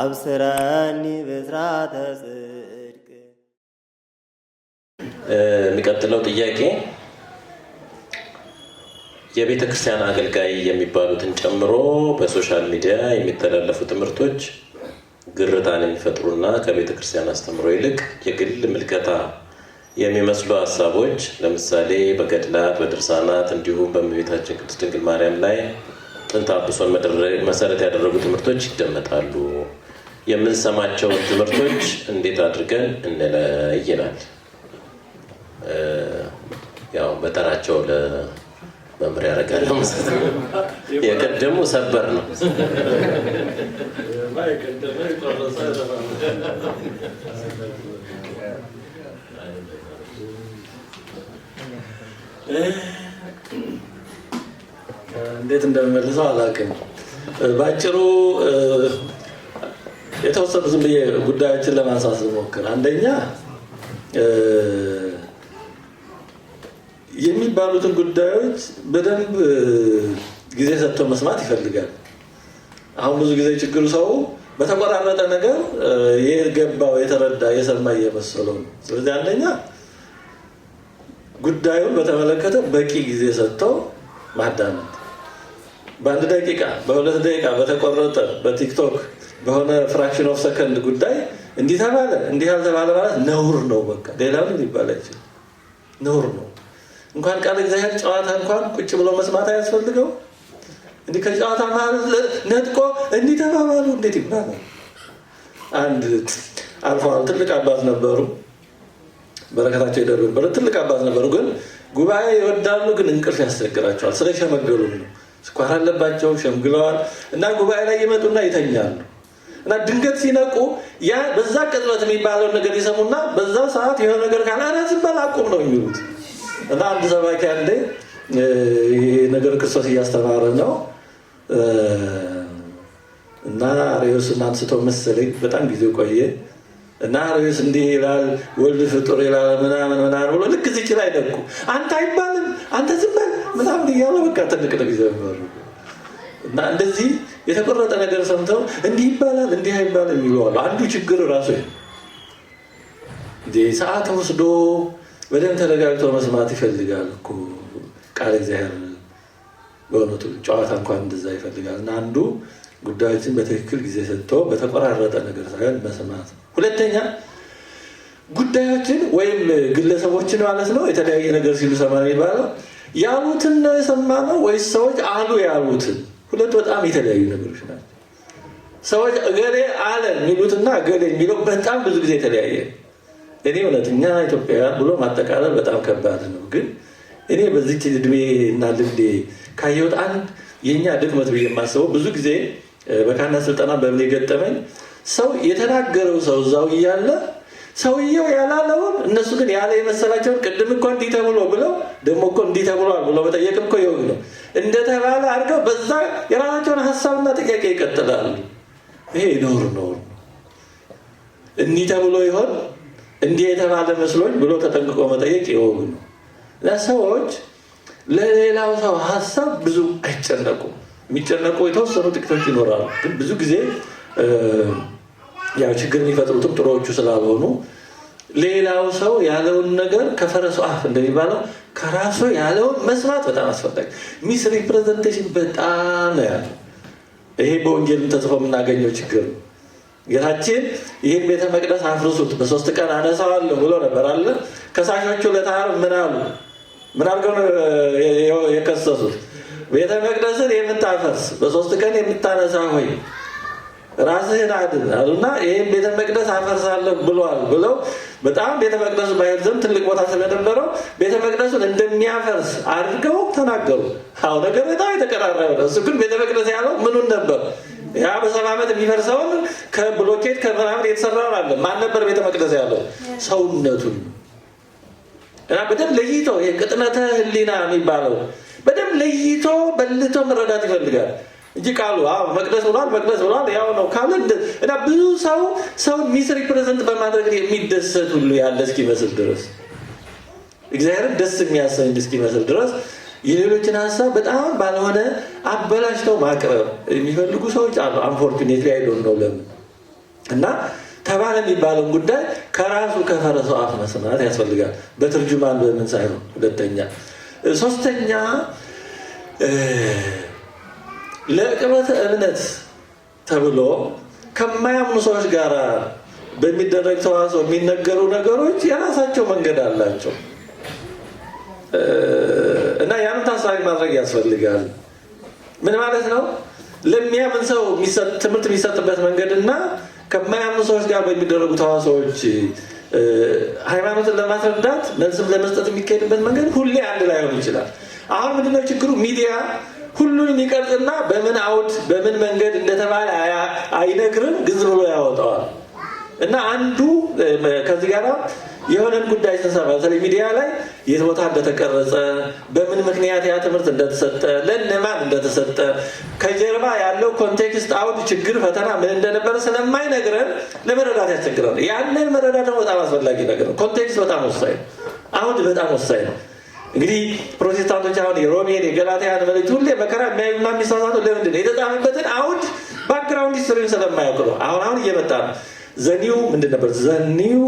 አብስረኒ ብስራተ ጽድቅ። የሚቀጥለው ጥያቄ የቤተ ክርስቲያን አገልጋይ የሚባሉትን ጨምሮ በሶሻል ሚዲያ የሚተላለፉ ትምህርቶች ግርታን የሚፈጥሩና ከቤተ ክርስቲያን አስተምሮ ይልቅ የግል ምልከታ የሚመስሉ ሀሳቦች ለምሳሌ በገድላት በድርሳናት እንዲሁም በእመቤታችን ቅድስት ድንግል ማርያም ላይ ጥንተ አብሶን መሰረት ያደረጉ ትምህርቶች ይደመጣሉ። የምንሰማቸውን ትምህርቶች እንዴት አድርገን እንለይናል። ያው በተራቸው ለመምሪያ ያደርጋል የቀደሙ ሰበር ነው። እንዴት እንደምመልሰው አላውቅም። ባጭሩ የተወሰኑ ዝም ብዬ ጉዳዮችን ለማንሳት ስሞክር፣ አንደኛ የሚባሉትን ጉዳዮች በደንብ ጊዜ ሰጥቶ መስማት ይፈልጋል። አሁን ብዙ ጊዜ ችግሩ ሰው በተቆራረጠ ነገር የገባው የተረዳ የሰማ እየመሰለው ነው። ስለዚህ አንደኛ ጉዳዩን በተመለከተ በቂ ጊዜ ሰጥተው ማዳመጥ በአንድ ደቂቃ በሁለት ደቂቃ በተቆረጠ በቲክቶክ በሆነ ፍራክሽን ኦፍ ሰከንድ ጉዳይ እንዲህ ተባለ እንዲህ ያልተባለ ማለት ነውር ነው። በቃ ሌላ ምን ሊባል አይችል፣ ነውር ነው። እንኳን ቃል እግዚአብሔር ጨዋታ እንኳን ቁጭ ብሎ መስማት አያስፈልገው። እንዲህ ከጨዋታ መሀል ነጥቆ እንዲህ ተባባሉ እንዴት ይባላል? አንድ አልፎ ትልቅ አባት ነበሩ፣ በረከታቸው ነበረ። ትልቅ አባት ነበሩ፣ ግን ጉባኤ ይወዳሉ፣ ግን እንቅልፍ ያስቸግራቸዋል። ስለሸመገሉ ነው። ስኳር አለባቸው፣ ሸምግለዋል እና ጉባኤ ላይ ይመጡና ይተኛሉ። እና ድንገት ሲነቁ ያ በዛ ቅጽበት የሚባለው ነገር ይሰሙና በዛ ሰዓት የሆነ ነገር ካለ ኧረ ዝም በል አቁም ነው የሚሉት። እና አንድ ሰባኪ አንዴ ይሄ ነገር ክርስቶስ እያስተማረ ነው እና አርዮስን አንስቶ መሰለኝ በጣም ጊዜ ቆየ እና ሬዮስ እንዲህ ይላል ወልድ ፍጡር ይላል ምናምን ምናምን ብሎ ልክ ዝች ላይ ነቁ። አንተ አይባልም አንተ ዝም በል ምናምን እያለ በቃ ትንቅ ነው ጊዜ እና እንደዚህ የተቆረጠ ነገር ሰምተው እንዲህ ይባላል እንዲህ አይባል የሚሉ አንዱ ችግር ራሱ ሰዓት ወስዶ በደንብ ተረጋግቶ መስማት ይፈልጋል እኮ ቃል እግዚአብሔር በእውነቱ ጨዋታ እንኳን እንደዛ ይፈልጋል። እና አንዱ ጉዳዮችን በትክክል ጊዜ ሰጥቶ በተቆራረጠ ነገር ሳይሆን መስማት ሁለተኛ ጉዳዮችን ወይም ግለሰቦችን ማለት ነው የተለያየ ነገር ሲሉ ሰማ የሚባለው ያሉትን ነው የሰማነው ወይስ ሰዎች አሉ ያሉትን ሁለት በጣም የተለያዩ ነገሮች ናቸው። ሰዎች እገሌ አለ የሚሉትና እገሌ የሚለው በጣም ብዙ ጊዜ የተለያየ። እኔ እውነተኛ ኢትዮጵያውያን ብሎ ማጠቃለል በጣም ከባድ ነው። ግን እኔ በዚች እድሜ እና ልምዴ ካየሁት አንድ የእኛ ድክመት ብዬ የማስበው ብዙ ጊዜ በካና ስልጠና በምን የገጠመኝ ሰው የተናገረው ሰው እዛው እያለ ሰውየው ያላለውን እነሱ ግን ያለ የመሰላቸውን ቅድም እኮ እንዲህ ተብሎ ብለው ደግሞ እኮ እንዲህ ተብሏል ብሎ መጠየቅ እኮ ነው። እንደተባለ አድርገው በዛ የራሳቸውን ሀሳብና ጥያቄ ይቀጥላሉ። ይሄ ኖር ኖር እንዲህ ተብሎ ይሆን እንዲህ የተባለ መስሎች ብሎ ተጠንቅቆ መጠየቅ የወግ ነው። ለሰዎች ለሌላው ሰው ሀሳብ ብዙ አይጨነቁም። የሚጨነቁ የተወሰኑ ጥቂቶች ይኖራሉ። ግን ብዙ ጊዜ ያው ችግር የሚፈጥሩትም ጥሮዎቹ ስላልሆኑ ሌላው ሰው ያለውን ነገር ከፈረሱ አፍ እንደሚባለው ከራሱ ያለውን መስማት በጣም አስፈላጊ። ሚስ ሪፕሬዘንቴሽን በጣም ነው ያለ። ይሄ በወንጌልም ተጽፎ የምናገኘው ችግር ነው። ጌታችን ይህን ቤተ መቅደስ አፍርሱት በሶስት ቀን አነሳዋለሁ ብሎ ነበር አለ። ከሳሾቹ ለታር ምን አሉ? ምን አድርገው የከሰሱት? ቤተ መቅደስን የምታፈርስ በሶስት ቀን የምታነሳ ሆይ ራስህን አድን አሉና ይህም ቤተ መቅደስ አፈርሳለሁ ብሏል ብለው በጣም ቤተ መቅደሱ ባይል ዘንድ ትልቅ ቦታ ስለነበረው ቤተ መቅደሱን እንደሚያፈርስ አድርገው ተናገሩ። አሁ ነገር በጣም የተቀራረበ ነው። እሱ ግን ቤተ መቅደስ ያለው ምኑን ነበር? ያ በሰባ ዓመት የሚፈርሰውን ከብሎኬት ከምናምን የተሰራ አለ። ማን ነበር ቤተ መቅደስ ያለው? ሰውነቱን እና በደንብ ለይቶ ቅጥነተ ህሊና የሚባለው በደንብ ለይቶ በልቶ መረዳት ይፈልጋል። እንጂ ቃሉ መቅደስ ብሏል መቅደስ ብሏል ያው ነው ካለ እና ብዙ ሰው ሰውን ሚስ ሪፕሬዘንት በማድረግ የሚደሰት ሁሉ ያለ እስኪመስል ድረስ እግዚአብሔርን ደስ የሚያሰኝ እስኪመስል ድረስ የሌሎችን ሀሳብ በጣም ባልሆነ አበላሽተው ማቅረብ የሚፈልጉ ሰዎች አሉ። አንፎርቹኔትሊ አይዶን ነው ለምን እና ተባለ የሚባለውን ጉዳይ ከራሱ ከፈረሰው አፍ መስማት ያስፈልጋል። በትርጅማን በምን ሳይሆን ሁለተኛ ሶስተኛ ለቅበተ እምነት ተብሎ ከማያምኑ ሰዎች ጋር በሚደረግ ተዋጽኦ የሚነገሩ ነገሮች የራሳቸው መንገድ አላቸው እና ያንን ታሳቢ ማድረግ ያስፈልጋል። ምን ማለት ነው? ለሚያምን ሰው ትምህርት የሚሰጥበት መንገድ እና ከማያምኑ ሰዎች ጋር በሚደረጉ ተዋጽኦዎች ሃይማኖትን ለማስረዳት መልስም ለመስጠት የሚካሄድበት መንገድ ሁሌ አንድ ላይሆን ይችላል። አሁን ምንድነው ችግሩ? ሚዲያ ሁሉን የሚቀርጽና በምን አውድ በምን መንገድ እንደተባለ አይነግርም፣ ግዝ ብሎ ያወጣዋል። እና አንዱ ከዚህ ጋር የሆነን ጉዳይ ተሰራ፣ በተለይ ሚዲያ ላይ የት ቦታ እንደተቀረጸ በምን ምክንያት ያ ትምህርት እንደተሰጠ ለእነማን እንደተሰጠ ከጀርባ ያለው ኮንቴክስት አውድ ችግር ፈተና ምን እንደነበረ ስለማይነግረን ለመረዳት ያስቸግራል። ያንን መረዳት በጣም አስፈላጊ ነገር ነው። ኮንቴክስት በጣም ወሳኝ ነው። አውድ በጣም ወሳኝ ነው። እንግዲህ ፕሮቴስታንቶች አሁን የሮሜን የገላትያን መልእክት ሁሌ መከራ የሚያዩና የሚሳሳቱ ለምንድን ነው? የተጻፈበትን አውድ ባክግራውንድ ሂስትሪውን ስለማያውቅ ነው። አሁን አሁን እየመጣ ነው። ዘኒው ምንድን ነበር? ዘኒው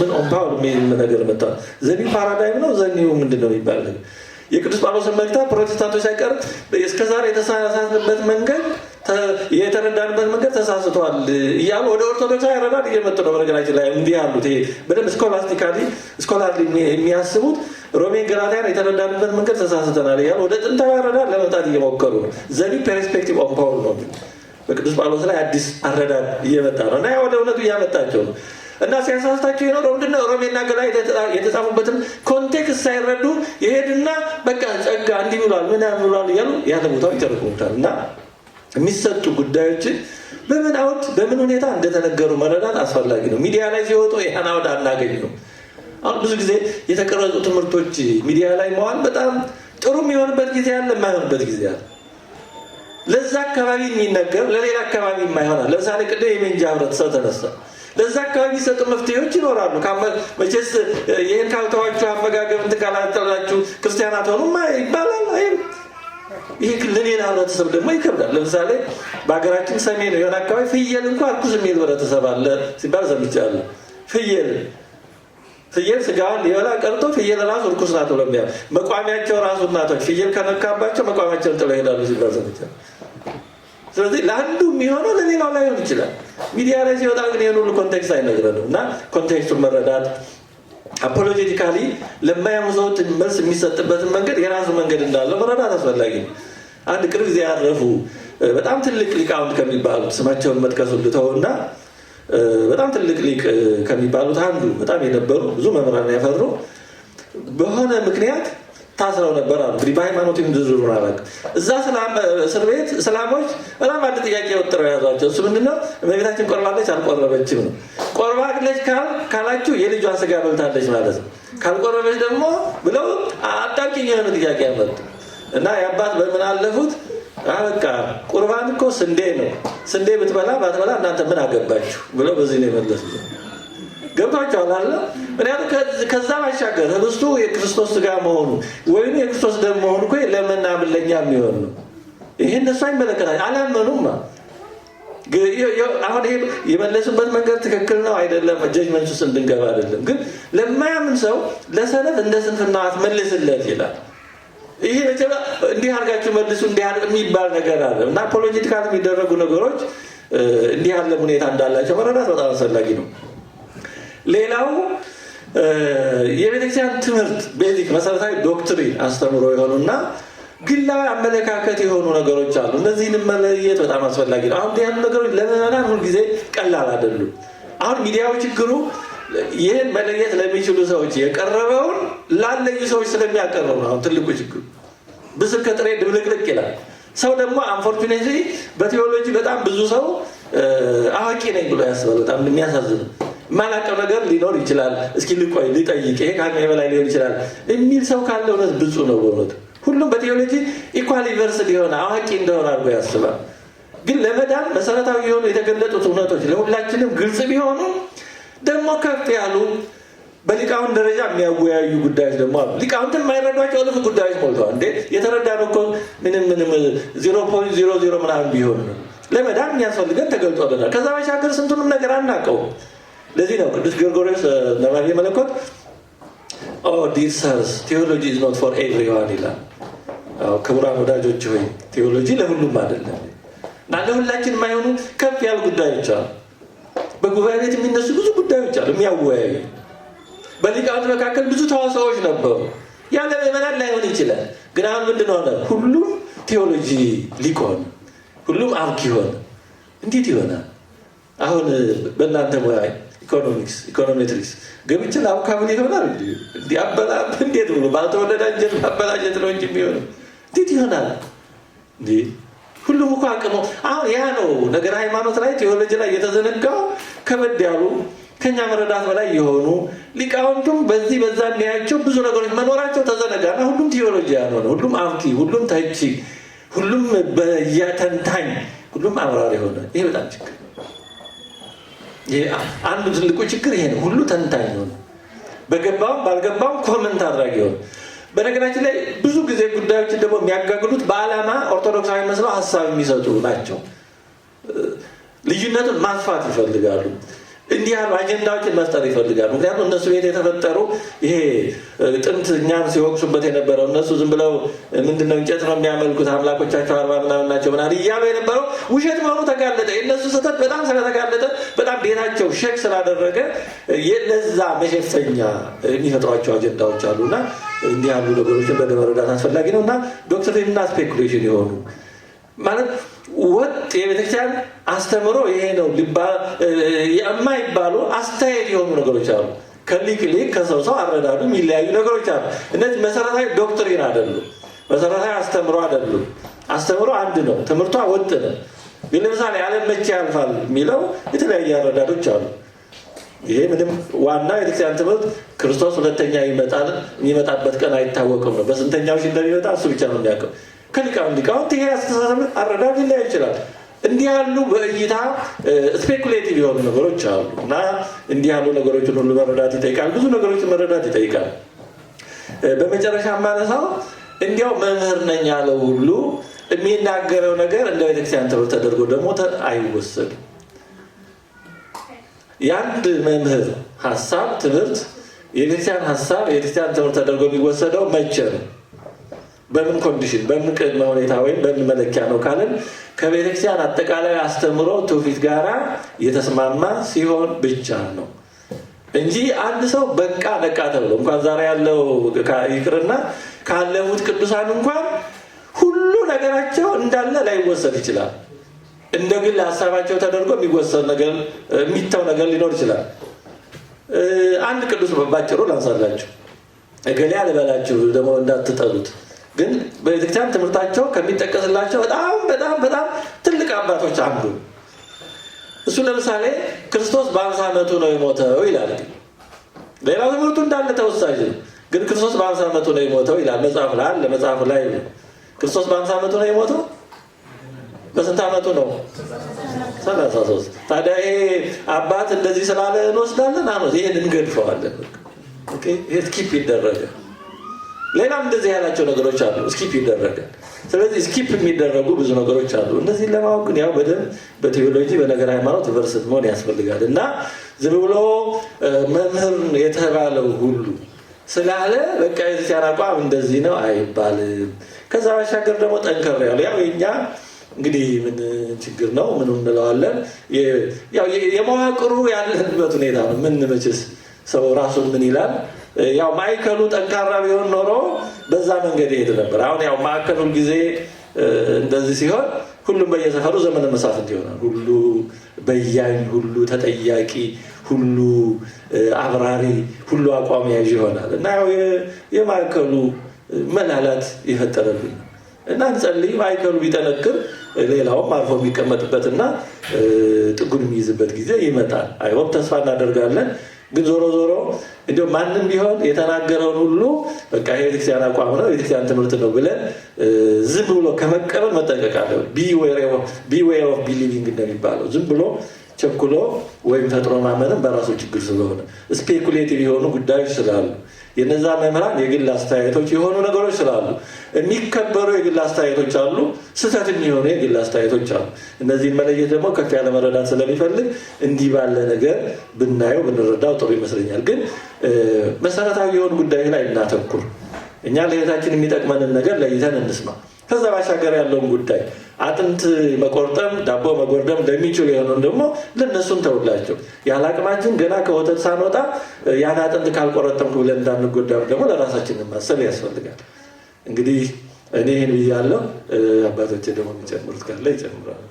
ምን ኦምፓውል የሚል ነገር መጣ። ዘኒው ፓራዳይም ነው። ዘኒው ምንድን ነው የሚባል የቅዱስ ጳውሎስን መልእክታ ፕሮቴስታንቶች ሳይቀር እስከዛሬ የተሳሳትበት መንገድ የተረዳንበት መንገድ ተሳስቷል እያሉ ወደ ኦርቶዶክስ ያረዳድ እየመጡ ነው። በነገራችን ላይ እንዲህ ያሉት ይሄ በደንብ ስኮላስቲካሊ ስኮላር የሚያስቡት ሮሜን ገላትያን የተረዳንበት መንገድ ተሳስተናል እያሉ ወደ ጥንታዊ ያረዳድ ለመምጣት እየሞከሩ ነው። ዘኒ ፐርስፔክቲቭ ኦን ፓውል ነው። በቅዱስ ጳውሎስ ላይ አዲስ አረዳድ እየመጣ ነው እና ያ ወደ እውነቱ እያመጣቸው ነው እና ሲያሳስታቸው የኖረው ምንድነው? ሮሜና ገላትያ የተጻፉበትን ኮንቴክስት ሳይረዱ ይሄድና በቃ ጸጋ እንዲህ ብሏል ምናምን ብሏል እያሉ ያለ ቦታው ይተረጉሙታል እና የሚሰጡ ጉዳዮችን በምን አውድ በምን ሁኔታ እንደተነገሩ መረዳት አስፈላጊ ነው። ሚዲያ ላይ ሲወጡ ይህን አውድ አናገኝ ነው። አሁን ብዙ ጊዜ የተቀረጹ ትምህርቶች ሚዲያ ላይ መዋል በጣም ጥሩ የሚሆንበት ጊዜ አለ፣ የማይሆንበት ጊዜ አለ። ለዛ አካባቢ የሚነገር ለሌላ አካባቢ የማይሆናል። ለምሳሌ ቅድም የሜንጃ ህብረተሰብ ተነሳ። ለዛ አካባቢ የሚሰጡ መፍትሄዎች ይኖራሉ። መቼስ ይህን ካልተዋችሁ አመጋገብ እንትን ካላጠራችሁ ክርስቲያናት ሆኑ ይባላል። ይሄ ለሌላ ህብረተሰብ ደግሞ ይከብዳል። ለምሳሌ በሀገራችን ሰሜን የሆነ አካባቢ ፍየል እንኳ እርኩስ የሚል ህብረተሰብ አለ ሲባል ሰምቻለሁ። ፍየል ፍየል ስጋዋን ሊበላ ቀርቶ ፍየል ራሱ እርኩስ ናት ብሎ የሚያ መቋሚያቸው ራሱ እናቶች ፍየል ከነካባቸው መቋሚያቸውን ጥለው ይሄዳሉ ሲባል ሰምቻለሁ። ስለዚህ ለአንዱ የሚሆነው ለሌላው ላይሆን ይችላል። ሚዲያ ላይ ሲወጣ ግን ይህን ሁሉ ኮንቴክስት አይነግረንም እና ኮንቴክስቱን መረዳት አፖሎጂቲካሊ ለማያሙ ሰዎች መልስ የሚሰጥበትን መንገድ የራሱ መንገድ እንዳለው መረዳት አስፈላጊ ነው። አንድ ቅርብ ጊዜ ያረፉ በጣም ትልቅ ሊቃውንት ከሚባሉት ስማቸውን መጥቀሱ ልተው እና በጣም ትልቅ ሊቅ ከሚባሉት አንዱ በጣም የነበሩ ብዙ መምህራን ያፈሩ በሆነ ምክንያት ታስረው ነበር አሉ። እንግዲህ በሃይማኖት ድርድሩ ናረግ እዛ እስር ቤት እስላሞች በጣም አንድ ጥያቄ ወጥረው ያዟቸው። እሱ ምንድነው? እመቤታችን ቆርባለች አልቆረበችም ነው ቆርባለች ካላችሁ የልጇን ስጋ በልታለች ማለት ነው። ካልቆረበች ደግሞ ብለው አጣብቂኝ የሆነ ጥያቄ ያመጡ እና የአባት በምን አለፉት። በቃ ቁርባን እኮ ስንዴ ነው። ስንዴ ብትበላ ባትበላ እናንተ ምን አገባችሁ ብለው በዚህ ነው የመለሱት። ገብቷቸዋል አለ። ምክንያቱም ከዛ ባሻገር ህብስቱ የክርስቶስ ስጋ መሆኑ ወይም የክርስቶስ ደም መሆኑ እኮ ለመናምለኛ የሚሆን ነው። ይህን እነሱ አይመለከታቸው አላመኑም። አሁን የመለሱበት መንገድ ትክክል ነው አይደለም፣ ጀጅመንት ውስጥ ስንድንገባ አይደለም። ግን ለማያምን ሰው ለሰነፍ እንደ ስንፍና አትመልስለት ይላል። ይሄ እንዲህ አድርጋችሁ መልሱ እንዲህ የሚባል ነገር አለ እና አፖሎጂቲካል የሚደረጉ ነገሮች እንዲህ ያለ ሁኔታ እንዳላቸው መረዳት በጣም አስፈላጊ ነው። ሌላው የቤተክርስቲያን ትምህርት ቤዚክ መሰረታዊ ዶክትሪን አስተምሮ የሆኑና ግላዊ አመለካከት የሆኑ ነገሮች አሉ። እነዚህን መለየት በጣም አስፈላጊ ነው። አሁን ያሉ ነገሮች ለምዕመናን ሁልጊዜ ቀላል አይደሉም። አሁን ሚዲያው ችግሩ ይህን መለየት ለሚችሉ ሰዎች የቀረበውን ላለዩ ሰዎች ስለሚያቀርብ ነው። አሁን ትልቁ ችግሩ ብስክ ከጥሬ ድብልቅልቅ ይላል። ሰው ደግሞ አንፎርቹኔት በቴዎሎጂ በጣም ብዙ ሰው አዋቂ ነኝ ብሎ ያስባል። በጣም የሚያሳዝን የማላውቀው ነገር ሊኖር ይችላል። እስኪ ልቆይ ልጠይቅ፣ ይሄ ከአቅሜ በላይ ሊሆን ይችላል የሚል ሰው ካለ እውነት ብፁ ነው በእውነት ሁሉም በቴዎሎጂ ኢኳል ዩኒቨርሲቲ የሆነ አዋቂ እንደሆነ አድርጎ ያስባል። ግን ለመዳን መሰረታዊ የሆኑ የተገለጡት እውነቶች ለሁላችንም ግልጽ ቢሆኑ ደግሞ ከፍ ያሉ በሊቃውን ደረጃ የሚያወያዩ ጉዳዮች ደግሞ አሉ። ሊቃውንትን የማይረዷቸው እልፍ ጉዳዮች ሞልተዋል። እንዴት የተረዳነው እኮ ምንም ምንም ዜሮ ፖይንት ዜሮ ዜሮ ምናምን ቢሆን ነው። ለመዳን የሚያስፈልገን ተገልጦልናል። ከዛ ባሻገር ስንቱንም ነገር አናቀው። ለዚህ ነው ቅዱስ ጊዮርጎርዮስ ነባቤ መለኮት ኦ ዲሰርስ ቴዎሎጂ ኢዝ ኖት ፎር ኤቭሪዋን ይላል። ክቡራን ወዳጆች ሆይ ቴዎሎጂ ለሁሉም አይደለም እና ለሁላችን የማይሆኑ ከፍ ያሉ ጉዳዮች አሉ። በጉባኤ ቤት የሚነሱ ብዙ ጉዳዮች አሉ የሚያወያዩ በሊቃውንት መካከል ብዙ ተዋሳዎች ነበሩ። ያለ ምዕመናን ላይሆን ይችላል። ግን አሁን ምንድን ሆነ? ሁሉም ቴዎሎጂ ሊቆን ሁሉም አብክ ይሆን እንዴት ይሆናል? አሁን በእናንተ ሙያ ኢኮኖሚክስ ኢኮኖሜትሪክስ ገብቼ ለአብካምን ይሆናል? እንዲ አበላ እንዴት ብሎ ባልተወለደ እንጀት አበላጀት ነው እንጂ የሚሆነው እንዴት ይሆናል? ሁሉም እኮ አቅሙ አሁን ያ ነው ነገር ሃይማኖት ላይ ቴዎሎጂ ላይ የተዘነጋው ከበድ ያሉ ከኛ መረዳት በላይ የሆኑ ሊቃውንቱም በዚህ በዛ የሚያያቸው ብዙ ነገሮች መኖራቸው ተዘነጋና ሁሉም ቴዎሎጂ ያልሆነ ሁሉም አብኪ፣ ሁሉም ተቺ፣ ሁሉም በየተንታኝ፣ ሁሉም አብራሪ የሆነ ይሄ በጣም ችግር አንዱ ትልቁ ችግር ይሄ ነው። ሁሉ ተንታኝ ሆነ በገባውም ባልገባውም ኮመንት አድራጊ ሆነ በነገራችን ላይ ብዙ ጊዜ ጉዳዮችን ደግሞ የሚያጋግሉት በዓላማ ኦርቶዶክሳዊ መስለው ሀሳብ የሚሰጡ ናቸው። ልዩነትን ማጥፋት ይፈልጋሉ። እንዲህ ያሉ አጀንዳዎችን መፍጠር ይፈልጋሉ። ምክንያቱም እነሱ ቤት የተፈጠሩ ይሄ ጥንት እኛም ሲወቅሱበት የነበረው እነሱ ዝም ብለው ምንድነው እንጨት ነው የሚያመልኩት አምላኮቻቸው አርባ ምናምን ናቸው ምናምን እያሉ የነበረው ውሸት መሆኑ ተጋለጠ። የእነሱ ስህተት በጣም ስለተጋለጠ በጣም ቤታቸው ሸክ ስላደረገ የለዛ መሸፈኛ የሚፈጥሯቸው አጀንዳዎች አሉ እና እንዲህ ያሉ ነገሮችን በደመረዳት አስፈላጊ ነው እና ዶክትሪንና ስፔኩሌሽን የሆኑ ማለት ወጥ የቤተክርስቲያን አስተምሮ ይሄ ነው የማይባሉ አስተያየት የሆኑ ነገሮች አሉ። ከሊቅ ሊቅ ከሰው ሰው አረዳዱ የሚለያዩ ነገሮች አሉ። እነዚህ መሰረታዊ ዶክትሪን አይደሉም። መሰረታዊ አስተምሮ አይደሉም። አስተምሮ አንድ ነው። ትምህርቷ ወጥ ነው። ግን ለምሳሌ ዓለም መቼ ያልፋል የሚለው የተለያዩ አረዳዶች አሉ። ይሄ ምንም ዋና የቤተክርስቲያን ትምህርት ክርስቶስ ሁለተኛ ይመጣል፣ የሚመጣበት ቀን አይታወቅም ነው። በስንተኛው እንደሚመጣ እሱ ብቻ ነው የሚያውቀው። ከሊቃውንት ሊቃውንት ይሄ አስተሳሰብ አረዳድ ሊለያይ ይችላል። እንዲህ ያሉ በእይታ ስፔኩሌቲቭ የሆኑ ነገሮች አሉ እና እንዲህ ያሉ ነገሮችን ሁሉ መረዳት ይጠይቃል። ብዙ ነገሮችን መረዳት ይጠይቃል። በመጨረሻ ማነሳው እንዲያው መምህር ነኝ ያለው ሁሉ የሚናገረው ነገር እንደ ቤተክርስቲያን ትምህርት ተደርጎ ደግሞ አይወሰድም። የአንድ መምህር ሀሳብ ትምህርት፣ የቤተክርስቲያን ሀሳብ፣ የቤተክርስቲያን ትምህርት ተደርጎ የሚወሰደው መቼ ነው? በምን ኮንዲሽን በምን ቅድመ ሁኔታ ወይም በምን መለኪያ ነው ካለን ከቤተክርስቲያን አጠቃላይ አስተምሮ ትውፊት ጋር የተስማማ ሲሆን ብቻ ነው እንጂ አንድ ሰው በቃ በቃ ተብሎ እንኳን ዛሬ ያለው ይቅርና ካለፉት ቅዱሳን እንኳን ሁሉ ነገራቸው እንዳለ ላይወሰድ ይችላል። እንደ ግል ሀሳባቸው ተደርጎ የሚወሰድ ነገር የሚተው ነገር ሊኖር ይችላል። አንድ ቅዱስ በባጭሩ ላንሳላችሁ። እገሌ አልበላችሁ ደግሞ እንዳትጠሉት ግን በቤተክርስቲያን ትምህርታቸው ከሚጠቀስላቸው በጣም በጣም በጣም ትልቅ አባቶች አንዱ እሱ ለምሳሌ ክርስቶስ በአምሳ ዓመቱ ነው የሞተው ይላል። ሌላ ትምህርቱ እንዳለ ተወሳጅ ግን ክርስቶስ በአምሳ ዓመቱ ነው የሞተው ይላል መጽሐፍ ላይ አለ። ላይ ክርስቶስ በአምሳ ዓመቱ ነው የሞተው። በስንት ዓመቱ ነው? ሰላሳ ሶስት ታዲያ ይሄ አባት እንደዚህ ስላለ እንወስዳለን። ይሄን እንገድፈዋለን። ይሄ ስኪፕ ይደረጋል። ሌላም እንደዚህ ያላቸው ነገሮች አሉ። ስኪፕ ይደረጋል። ስለዚህ ስኪፕ የሚደረጉ ብዙ ነገሮች አሉ። እነዚህ ለማወቅ ግን ያው በደንብ በቴዎሎጂ በነገር ሃይማኖት ቨርስት መሆን ያስፈልጋል እና ዝም ብሎ መምህር የተባለው ሁሉ ስላለ በቃ የክርስቲያን አቋም እንደዚህ ነው አይባልም። ከዛ ባሻገር ደግሞ ጠንከር ያሉ ያው የኛ እንግዲህ ምን ችግር ነው ምን እንለዋለን፣ የመዋቅሩ ያለንበት ሁኔታ ነው። ምን መችስ ሰው ራሱን ምን ይላል ያው ማዕከሉ ጠንካራ ቢሆን ኖሮ በዛ መንገድ ይሄድ ነበር። አሁን ያው ማዕከሉን ጊዜ እንደዚህ ሲሆን ሁሉም በየሰፈሩ ዘመነ መሳፍንት ይሆናል። ሁሉ በያኝ፣ ሁሉ ተጠያቂ፣ ሁሉ አብራሪ፣ ሁሉ አቋም ያዥ ይሆናል እና ያው የማዕከሉ መላላት የፈጠረብኝ እና እንጸልይ። ማዕከሉ ቢጠነክር ሌላውም አርፎ የሚቀመጥበትና ጥጉን የሚይዝበት ጊዜ ይመጣል። አይሆን ተስፋ እናደርጋለን። ግን ዞሮ ዞሮ እንዲ ማንም ቢሆን የተናገረውን ሁሉ በቃ የቤተክርስቲያን አቋም ነው የቤተክርስቲያን ትምህርት ነው ብለን ዝም ብሎ ከመቀበል መጠንቀቅ አለ። ቢዌር ኦፍ ቢሊቪንግ እንደሚባለው ዝም ብሎ ቸኩሎ ወይም ፈጥኖ ማመንም በራሱ ችግር ስለሆነ ስፔኩሌቲቭ የሆኑ ጉዳዮች ስላሉ የነዛ መምህራን የግል አስተያየቶች የሆኑ ነገሮች ስላሉ የሚከበሩ የግል አስተያየቶች አሉ፣ ስህተት የሚሆኑ የግል አስተያየቶች አሉ። እነዚህን መለየት ደግሞ ከፍ ያለ መረዳት ስለሚፈልግ እንዲህ ባለ ነገር ብናየው ብንረዳው ጥሩ ይመስለኛል። ግን መሰረታዊ የሆኑ ጉዳዮች ላይ እናተኩር። እኛ ለህይወታችን የሚጠቅመንን ነገር ለይተን እንስማ። ከዛ ባሻገር ያለውን ጉዳይ አጥንት መቆርጠም ዳቦ መጎርደም ለሚችሉ የሆነውን ደግሞ ለነሱን ተውላቸው። ያለ አቅማችን ገና ከወተት ሳንወጣ ያን አጥንት ካልቆረጠም ብለን እንዳንጎዳም ደግሞ ለራሳችን ማሰብ ያስፈልጋል። እንግዲህ እኔ ይህን ብያለሁ። አባቶቼ ደግሞ የሚጨምሩት ካለ ይጨምራሉ።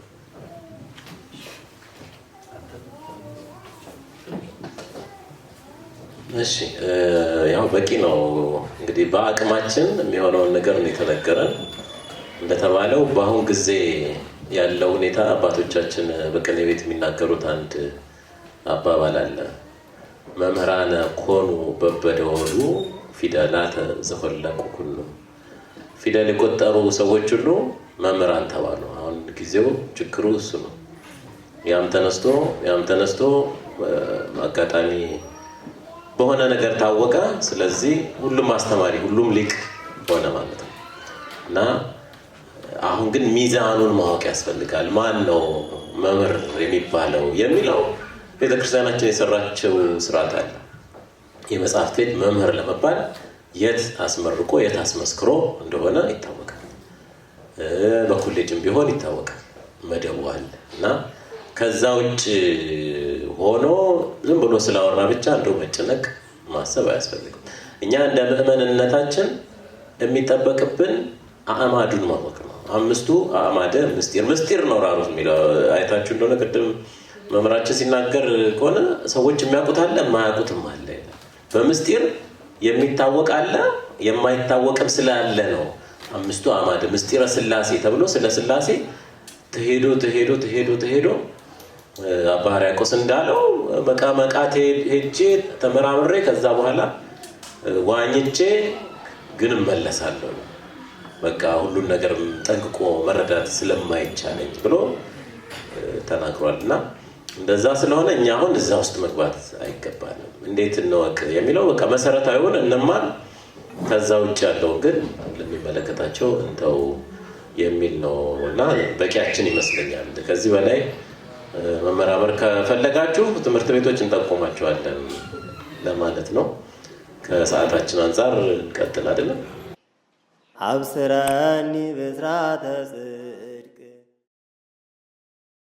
እሺ ያው በቂ ነው እንግዲህ በአቅማችን የሚሆነውን ነገር ነው የተነገረን። እንደተባለው በአሁን ጊዜ ያለው ሁኔታ አባቶቻችን በቅኔ ቤት የሚናገሩት አንድ አባባል አለ። መምህራነ ኮኑ በበደወሉ ፊደላተ ዘፈለቁ ኩሉ፣ ፊደል የቆጠሩ ሰዎች ሁሉ መምህራን ተባሉ። አሁን ጊዜው ችግሩ እሱ ነው። ያም ተነስቶ ያም ተነስቶ አጋጣሚ በሆነ ነገር ታወቀ። ስለዚህ ሁሉም አስተማሪ ሁሉም ሊቅ ሆነ ማለት ነው እና አሁን ግን ሚዛኑን ማወቅ ያስፈልጋል። ማን ነው መምህር የሚባለው የሚለው ቤተክርስቲያናችን የሰራቸው ስርዓት አለ። የመጽሐፍት ቤት መምህር ለመባል የት አስመርቆ የት አስመስክሮ እንደሆነ ይታወቃል። በኮሌጅም ቢሆን ይታወቃል መደቡ አለ እና ከዛ ውጭ ሆኖ ዝም ብሎ ስላወራ ብቻ እንደው መጨነቅ ማሰብ አያስፈልግም። እኛ እንደ ምዕመንነታችን የሚጠበቅብን አእማዱን ማወቅ ነው። አምስቱ አእማደ ምስጢር ምስጢር ነው ራሩት የሚለው አይታችሁ እንደሆነ ቅድም መምራችን ሲናገር ከሆነ ሰዎች የሚያውቁት አለ የማያውቁትም አለ። በምስጢር የሚታወቅ አለ የማይታወቅም ስላለ ነው አምስቱ አእማደ ምስጢረ ስላሴ ተብሎ ስለ ስላሴ ተሄዶ ተሄዶ ተሄዶ ተሄዶ አባ ሕርያቆስ እንዳለው መቃ መቃት ሄጄ ተመራምሬ ከዛ በኋላ ዋኝቼ ግን እመለሳለሁ ነው በቃ ሁሉን ነገር ጠንቅቆ መረዳት ስለማይቻለኝ ብሎ ተናግሯል። እና እንደዛ ስለሆነ እኛ አሁን እዛ ውስጥ መግባት አይገባንም። እንዴት እንወቅ የሚለው በቃ ሆን እንማር፣ ከዛ ውጭ ያለው ግን ለሚመለከታቸው እንተው የሚል ነው እና በቂያችን ይመስለኛል። ከዚህ በላይ መመራመር ከፈለጋችሁ ትምህርት ቤቶች እንጠቆማቸዋለን ለማለት ነው። ከሰዓታችን አንጻር እንቀጥል አይደለም። አብስረኒ ብስራተ